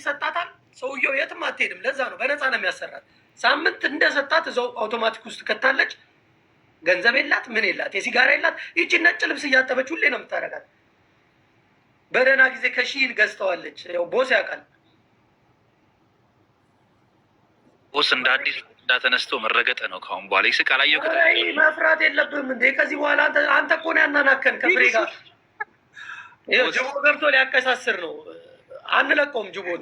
ይሰጣታል። ሰውየው የትም አትሄድም። ለዛ ነው በነፃ ነው የሚያሰራት። ሳምንት እንደሰጣት እዛው አውቶማቲክ ውስጥ ከታለች። ገንዘብ የላት ምን የላት የሲጋራ የላት። ይቺ ነጭ ልብስ እያጠበች ሁሌ ነው የምታረጋት። በደህና ጊዜ ከሺህን ገዝተዋለች። ያው ቦስ ያውቃል። ቦስ እንደ አዲስ እንዳተነስቶ መረገጠ ነው ካሁን በኋላ ይስቅ አላየው። መፍራት የለብህም እንዴ ከዚህ በኋላ አንተ እኮ ነው ያናናከን ከፍሬ ጋር ጅቦ ገብቶ ሊያቀሳስር ነው። አንለቀውም። ጅቦን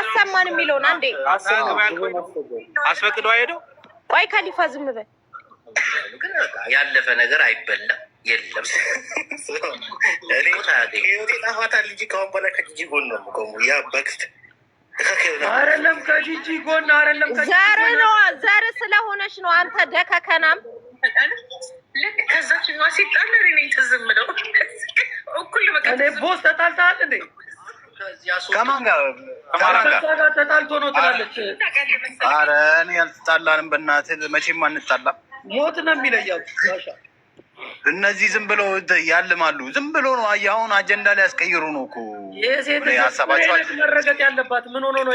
አሰማን የሚለውን አንዴ አስፈቅዶ ሄደው። ቆይ ከሊፋ ዝም በል። ያለፈ ነገር አይበላም። የለም አይደለም፣ ከጂጂ ጎን አይደለም። ዘር ነው ዘር ስለሆነች ነው። አንተ ደከከናም ልክ ከዛች ሴጣን ነው ትዝ የምለው ቦስ ተጣልተሃል እንዴ? ከማን ጋር ተጣልቶ ነው ትላለች። ኧረ እኔ አልተጣላንም። በእናትህ መቼም አንጣላም። ሞት ነው የሚለያው። እነዚህ ዝም ብሎ ያልማሉ። ዝም ብሎ ነው አሁን አጀንዳ ያስቀይሩ ነው እኮ ሀሳባቸው መረገጥ ያለባት። ምን ሆኖ ነው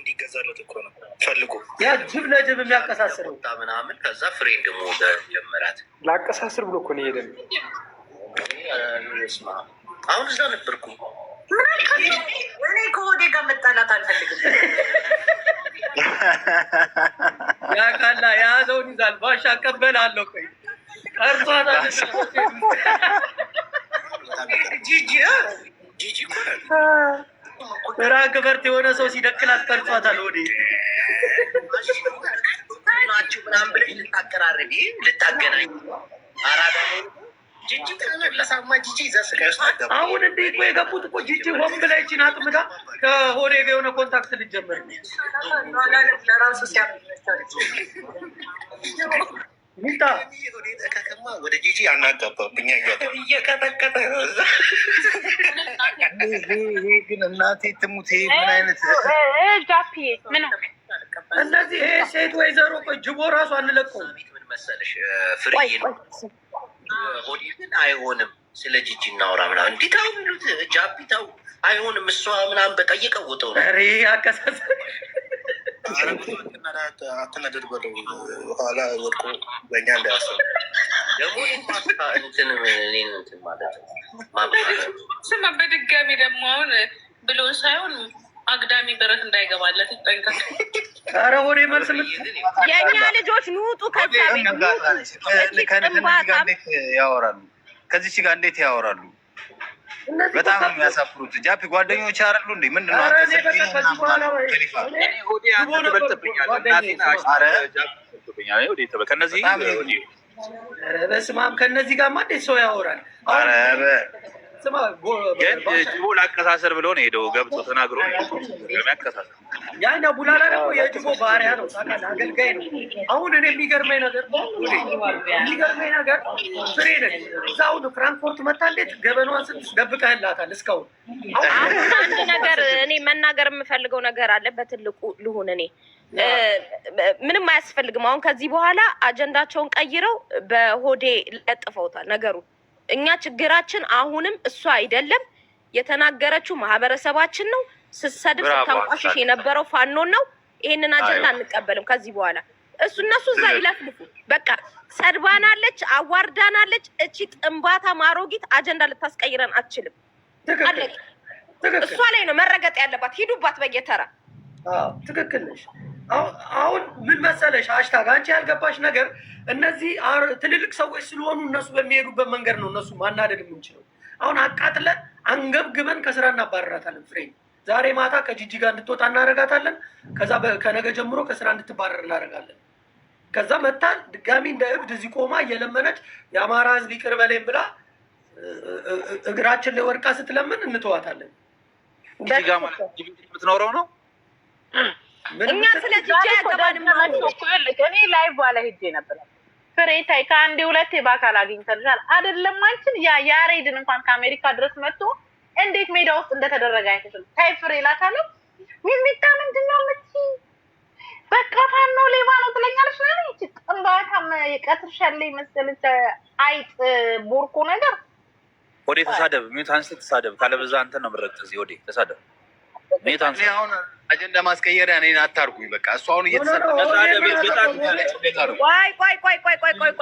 እንዲገዛለት እኮ ነው ፈልጎ ያ ጅብ ለጅብ የሚያቀሳስር ምናምን። ከዛ ጀመራት ላቀሳስር ብሎ እኮ ነው አሁን እዛ ነበርኩ። እኔ ከወዴ ጋር መጣላት አልፈልግም። ያቃላ የያዘውን ይዛል። ባሻ ቀበላለሁ። ቆይ ቀርቷታ ራግበርት የሆነ ሰው ሲደክላት ቀርቷታል። ወዴ ናችሁ ምናምን ብለሽ ልታቀራርቢ ልታገናኝ አራዳ ጂጂ ከመለሳማ ጂጂ ይዛ አሁን እንደ እኮ የገቡት እኮ ጂጂ ሆን ብላ ይቺን አጥምዳ ከሆነ የሆነ ኮንታክት ልጀምር ሚጣ ወደ ጂጂ እየቀጠቀጠ ይሄ ግን እናቴ ትሙት ምን አይነት ጃፒ ይሄ ሴት ወይዘሮ ጅቦ ራሱ አንለቀውም መሰለሽ ፍርዬ ነው ሆዴ ግን አይሆንም። ስለ ጂጂ እናውራ ምናምን እንዲህ ተው የሚሉት ጃፒ አይሆንም። እሷ ምናምን በጠይቀው ወጠው ነው አቀሳሰ አትናደድ በለው ኋላ ወድቆ በእኛ ደግሞ እንትን ማለት ነው። ስማ በድጋሚ ደግሞ አሁን ብሎን ሳይሆን አግዳሚ ብረት እንዳይገባለት ይጠንቀቅ። ኧረ ወሬ መልስ የእኛ ልጆች ንውጡ ያወራሉ። ከዚች ጋር እንዴት ያወራሉ? በጣም ነው የሚያሳፍሩት። ጃፒ ጓደኞች አሉ እንዴ? ምንድን ነው ከነዚህ በስመ አብ ከነዚህ ጋር ማ እንዴት ሰው ያወራል? ግን ጅቦ ላቀሳሰር ብሎ ነው ሄደው ገብቶ ተናግሮ ያቀሳሰር እና ቡላላ ደግሞ የጅቦ ባህሪያ ነው፣ አገልጋይ ነው። አሁን እኔ የሚገርመኝ ነገር የሚገርመኝ ነገር ፍሬ ነች እዛ አሁን ፍራንክፎርት መታ እንዴት ገበኗን ስትደብቀህላታል እስካሁን። አሁን አንድ ነገር እኔ መናገር የምፈልገው ነገር አለ። በትልቁ ልሁን እኔ ምንም አያስፈልግም። አሁን ከዚህ በኋላ አጀንዳቸውን ቀይረው በሆዴ ለጥፈውታል ነገሩ እኛ ችግራችን አሁንም እሱ አይደለም የተናገረችው ማህበረሰባችን ነው። ስትሰድብ ስታንቋሽሽ የነበረው ፋኖን ነው። ይሄንን አጀንዳ አንቀበልም ከዚህ በኋላ እሱ እነሱ እዛ ይለፍልፉ። በቃ ሰድባናለች፣ አዋርዳናለች። እቺ ጥንባታ ማሮጊት አጀንዳ ልታስቀይረን አትችልም። እሷ ላይ ነው መረገጥ ያለባት። ሂዱባት በየተራ ትክክል ነሽ። አሁን ምን መሰለሽ አሽታግ አንቺ ያልገባሽ ነገር እነዚህ ትልልቅ ሰዎች ስለሆኑ እነሱ በሚሄዱበት መንገድ ነው እነሱ ማናደድ የምንችለው። አሁን አቃጥለን አንገብግበን ከስራ እናባረራታለን። ፍሬ ዛሬ ማታ ከጅጅጋ ጋር እንድትወጣ እናደርጋታለን። ከዛ ከነገ ጀምሮ ከስራ እንድትባረር እናደርጋለን። ከዛ መታን ድጋሚ እንደ እብድ እዚህ ቆማ እየለመነች የአማራ ህዝብ ይቅር በለኝ ብላ እግራችን ላይ ስትለምን እንተዋታለን። ጂጂ ማለት የምትኖረው ነው እኛ ስለ ጅጃ ያገባንም እኔ ላይ በኋላ ሄጄ ነበር። ፍሬ ታይ ከአንዴ ሁለቴ በአካል አግኝተንሻል አይደለም? አንቺን ያ ያሬድን እንኳን ከአሜሪካ ድረስ መጥቶ እንዴት ሜዳ ውስጥ እንደተደረገ አይተሽም። ታይ ፍሬ ላታለው ሚሚታ ምንድን ነው የምትይ? በቃ ፋኖ ሌባ ነው ትለኛለች። ና ይች ጥንባታም የቀትርሻለ መሰለች አይጥ ቦርኮ ነገር ወዴ ተሳደብ ሚዩት አንስት ተሳደብ ካለበዛ አንተን ነው ምረጥ እዚህ ወዴ ተሳደብ ሚዩት አንስት አጀንዳ ማስቀየር እኔን አታርጉኝ። በቃ እሱ አሁን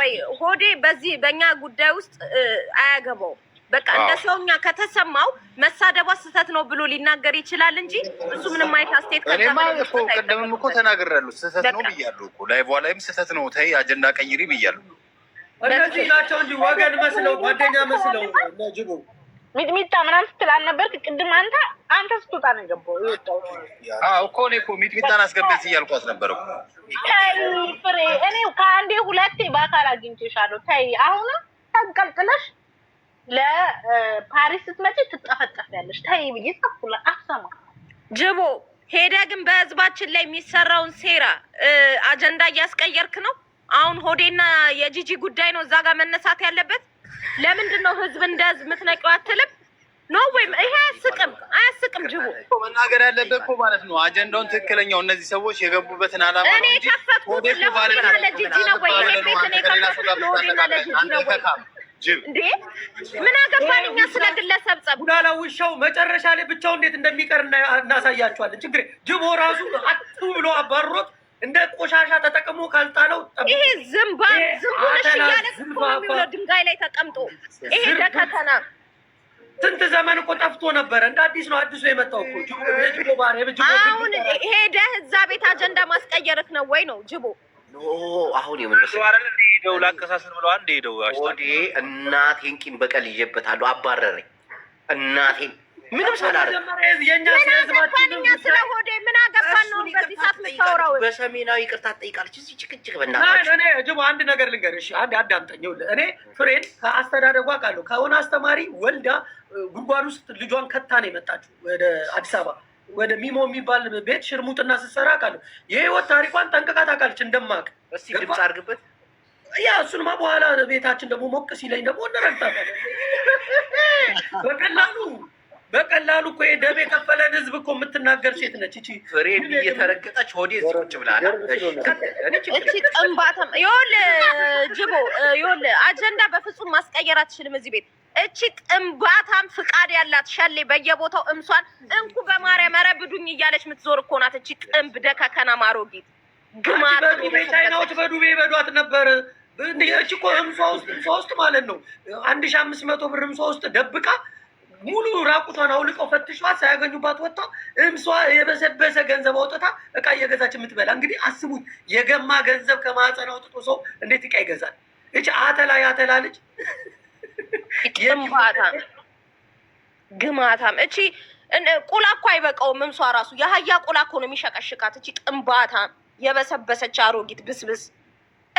ቆይ ሆዴ በዚህ በእኛ ጉዳይ ውስጥ አያገባውም። በቃ እንደ ሰውኛ ከተሰማው መሳደቧ ስህተት ነው ብሎ ሊናገር ይችላል እንጂ እሱ ምንም አይነት አስቴት ቅድምም እኮ ተናግሬያለሁ። ስህተት ነው ብያለሁ እኮ ላይ በኋላይም ስህተት ነው ተይ አጀንዳ ቀይሪ ብያለሁ። እነዚህ ናቸው እንጂ ወገን መስለው ጓደኛ መስለው ነጅቡ ሚጥሚጣ ምናምን ስትል አልነበርክ ቅድም? አንተ አንተ ስትወጣ ነው የገባው የወጣው እኮ እኔ እኮ ሚጥሚጣን አስገባች እያልኳት ነበር እኮ። ተይ ፍሬ፣ እኔ ከአንዴ ሁለቴ በአካል አግኝቼሻለሁ። ተይ አሁንም ተንቀልጥለሽ ለፓሪስ ስትመጪ ትጠፈጠፊያለሽ። ተይ ብዬ ጸፍኩላ አሰማ ጅቦ ሄደ። ግን በህዝባችን ላይ የሚሰራውን ሴራ አጀንዳ እያስቀየርክ ነው። አሁን ሆዴና የጂጂ ጉዳይ ነው እዛ ጋር መነሳት ያለበት ለምንድን ነው ህዝብ እንደ ህዝብ የምትነቂው አትልም? ኖ ወይም ይሄ አያስቅም፣ አያስቅም። ጅቡ መናገር ያለበት እኮ ማለት ነው አጀንዳውን ትክክለኛው እነዚህ ሰዎች የገቡበትን አላማ እኔ ከፈትኩት ለሁሉና ለጂጂ ነው ወይ ይሄ ቤት እኔ ከፈትኩት ለሁሉና ለጂጂ ነው ወይ እንዴ ምን አገባን እኛ ስለ ግለሰብ ጸብ ቡላላ ውሻው መጨረሻ ላይ ብቻው እንዴት እንደሚቀር እናሳያቸዋለን። ችግር ጅቦ ራሱ አቱ ብሎ አባሮት እንደ ቆሻሻ ተጠቅሞ ካልጣለው ይሄ ዝምባ ዝምቡንሽ እያለ የሚውለው ድንጋይ ላይ ተቀምጦ ይሄ ደከተና ስንት ዘመን እኮ ጠፍቶ ነበረ። እንደ አዲስ ነው አዲሱ የመጣው እኮ ጅቦ አሁን። ሄደህ እዛ ቤት አጀንዳ ማስቀየርክ ነው ወይ ነው ጅቦ? አሁን የምንሄደው ላከሳስን ብለው አንድ ሄደው ወዴ እናቴን ቂም በቀል ይዤበታለሁ። አባረረኝ እናቴን ምንም ሳላደርግ የእኛ ስለሆዴ ምን በሰሜናዊ ይቅርታ ትጠይቃለች። እዚህ ጭቅጭቅ በእናትህ እኔ ጅቦ አንድ ነገር ልንገር፣ እሺ? አንድ አዳምጠኝ። እኔ ፍሬን ከአስተዳደጓ ቃለሁ ከሆነ አስተማሪ ወልዳ ጉድጓድ ውስጥ ልጇን ከታ ነው የመጣችው ወደ አዲስ አበባ ወደ ሚሞ የሚባል ቤት ሽርሙጥና ስትሰራ ቃለሁ። የህይወት ታሪኳን ጠንቅቃ ታውቃለች እንደማቅ። እስቲ ድምፅ አድርግበት። ያ እሱንማ በኋላ ቤታችን ደግሞ ሞቅ ሲለኝ ደግሞ እንረግጣታለን በቀላሉ በቀላሉ እኮ የደም የከፈለን ህዝብ እኮ የምትናገር ሴት ነች እቺ። ፍሬ እየተረገጠች ሆዴ እዚህ ቁጭ ብላለ። ጥንባታም ጅቦ ይኸውልህ፣ አጀንዳ በፍጹም ማስቀየር አትችልም እዚህ ቤት። እቺ ጥንባታም ፍቃድ ያላት ሸሌ በየቦታው እምሷን እንኩ በማርያም ኧረ ብዱኝ እያለች የምትዞር እኮ ናት እቺ ጥንብ ደከከና ማሮጊት ግማር። በዱቤ ቻይናዎች በዱቤ በዷት ነበር። እቺ እኮ እምሷ ውስጥ እምሷ ውስጥ ማለት ነው አንድ ሺ አምስት መቶ ብር እምሷ ውስጥ ደብቃ ሙሉ ራቁቷን አውልቀው ፈትሸዋት ሳያገኙባት ወጥታ እምሷ የበሰበሰ ገንዘብ አውጥታ እቃ እየገዛች የምትበላ እንግዲህ አስቡት። የገማ ገንዘብ ከማህፀን አውጥቶ ሰው እንዴት እቃ ይገዛል? እች አተላ ያተላ ልጅ ግማታም እቺ ቁላ እኮ አይበቃውም። እምሷ ራሱ የአህያ ቁላ እኮ ነው የሚሸቀሽቃት። እቺ ጥንባታም የበሰበሰች አሮጊት ብስብስ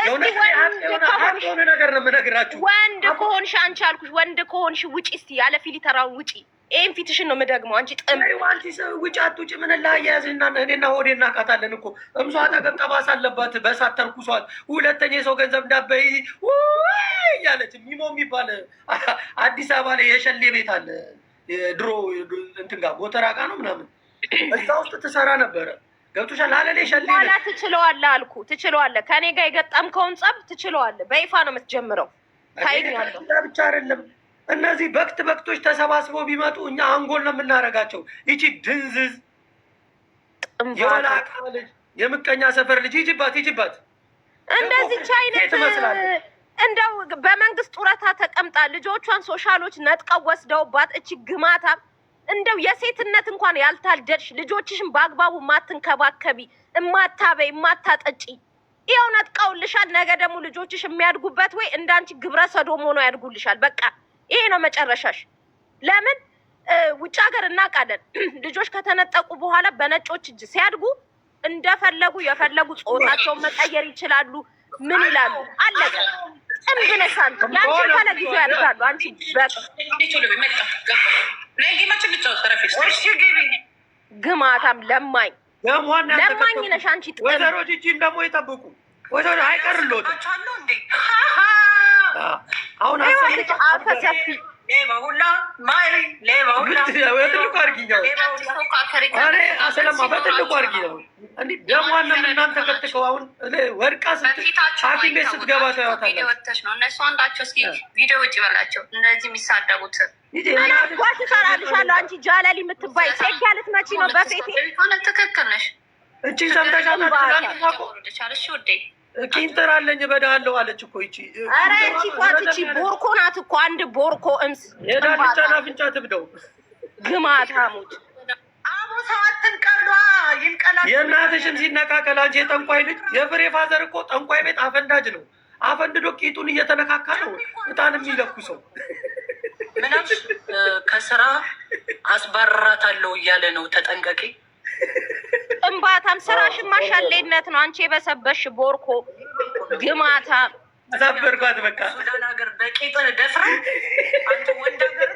የሆነ ነገር ነው የምነግራችሁ። ወንድ ከሆንሽ አንቺ አልኩሽ፣ ወንድ ከሆንሽ ውጪ፣ እስቲ ያለ ፊልተራውን ውጪ። ይህን ፊትሽን ነው የምደግመው። አንቺ ጥም አንቺ ውጭ አትውጭ። ምን ላያያዝና እኔና ሆዴ እናቃታለን እኮ እምሷ አጠገብ ጠባሳ አለባት። በሳት ተርኩሷል። ሁለተኛ የሰው ገንዘብ ዳበይ እያለች ሚሞ የሚባል አዲስ አበባ ላይ የሸሌ ቤት አለ። ድሮ እንትን ጋር ጎተራ ቃ ነው ምናምን እዛ ውስጥ ትሰራ ነበረ ገብቶሻል። አለሌ ሸሌ ኋላ ትችለዋለህ አልኩ ትችለዋለህ። ከኔ ጋር የገጠምከውን ጸብ ትችለዋለህ። በይፋ ነው የምትጀምረው። ታይኛለሁ ብቻ አይደለም እነዚህ በክት በክቶች ተሰባስበው ቢመጡ እኛ አንጎል ነው የምናደርጋቸው። ይቺ ድንዝዝ የወላቃ ልጅ የምቀኛ ሰፈር ልጅ ይጅባት ይጅባት። እንደዚች አይነት እንደው በመንግስት ጡረታ ተቀምጣ ልጆቿን ሶሻሎች ነጥቀው ወስደውባት እቺ ግማታ እንደው የሴትነት እንኳን ያልታደርሽ ልጆችሽን በአግባቡ ማትንከባከቢ፣ እማታበይ፣ እማታጠጪ ይኸው ነጥቀውልሻል። ነገ ደግሞ ልጆችሽ የሚያድጉበት ወይ እንዳንቺ ግብረ ሰዶም ሆኖ ያድጉልሻል። በቃ ይሄ ነው መጨረሻሽ። ለምን ውጭ ሀገር እናውቃለን። ልጆች ከተነጠቁ በኋላ በነጮች እጅ ሲያድጉ እንደፈለጉ የፈለጉ ጾታቸውን መቀየር ይችላሉ። ምን ይላሉ? አለቀ። ጥም ነሽ አንቺ። ያንቺ ጊዜ ያልፋሉ። አንቺ በቃ ግማታም ለማኝ ለማኝ ነሽ አንቺ። ወይዘሮ ጂጂን ደግሞ ይጠብቁ። ወይዘሮ አይቀርልዎትም። አሁን በትልቁ አድርጊ ነው እንዲህ ደሟን ነው እናንተ ከትከው አሁን ወድቃ ሐኪም ቤት ስትገባ ታያታለሽ። እነሱ አንዳቸው እስኪ ቪዲዮ ውጭ በላቸው እሰራልሻለሁ አንቺ ጃለል የምትባይ ጸጋ ልትመጪ ነው። በሴቴ ትክክል እበዳለሁ አለች እኮ ይቺ። ኧረ ይቺ ኳት እቺ ቦርኮ ናት እኮ አንድ ቦርኮ እምስ የዳልቻን አፍንጫ ትብደው። ግማታሞች የእናትሽም ሲነቃቀል አንቺ የጠንቋይ ልጅ። የፍሬ ፋዘር እኮ ጠንቋይ ቤት አፈንዳጅ ነው። አፈንድዶ ቂጡን እየተነካካ ነው እጣን የሚለኩ ሰው ምንም ከስራ አስባራታለሁ እያለ ነው። ተጠንቀቂ። እምባታም ስራሽን ማሻሌነት ነው። አንቺ የበሰበሽ ቦርኮ ግማታ ዛበርጓት በቃ ሱዳን ሀገር በቂጥን ደፍራ አንተ ወንድ ሀገር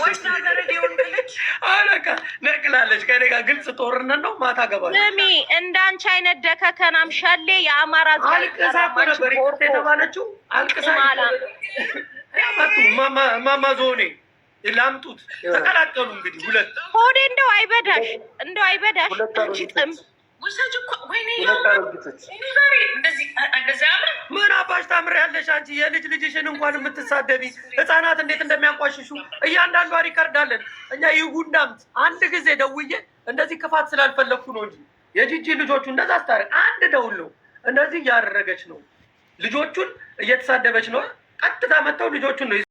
ወንድ ሀገር ሊሆንልች አለቃ ነቅላለች። ከኔ ጋር ግልጽ ጦርነት ነው። ማታ ገባ ስሚ፣ እንዳንቺ አይነት ደከከናም ሸሌ የአማራ አልቅሳ ነበር የተባለችው አልቅሳ መጡ። ማማዞኔ ላምጡት ተቀላቀሉ። እንግዲህ ሁለት ሆዴ እንደው አይበዳሽ፣ እንደው አይበዳሽ አንቺ ጥም ምን አባሽ ታምሪያለሽ አንቺ የልጅ ልጅሽን እንኳን የምትሳደቢ ህፃናት እንዴት እንደሚያንቋሽሹ እያንዳንዷ ሪከርድ አለን እኛ ይጉዳምት አንድ ጊዜ ደውዬ እንደዚህ ክፋት ስላልፈለግኩ ነው እንጂ የጂጂ ልጆቹ እንደዛ ስታረ አንድ ደውል ነው እንደዚህ እያደረገች ነው ልጆቹን እየተሳደበች ነው ቀጥታ መጥተው ልጆቹን ነው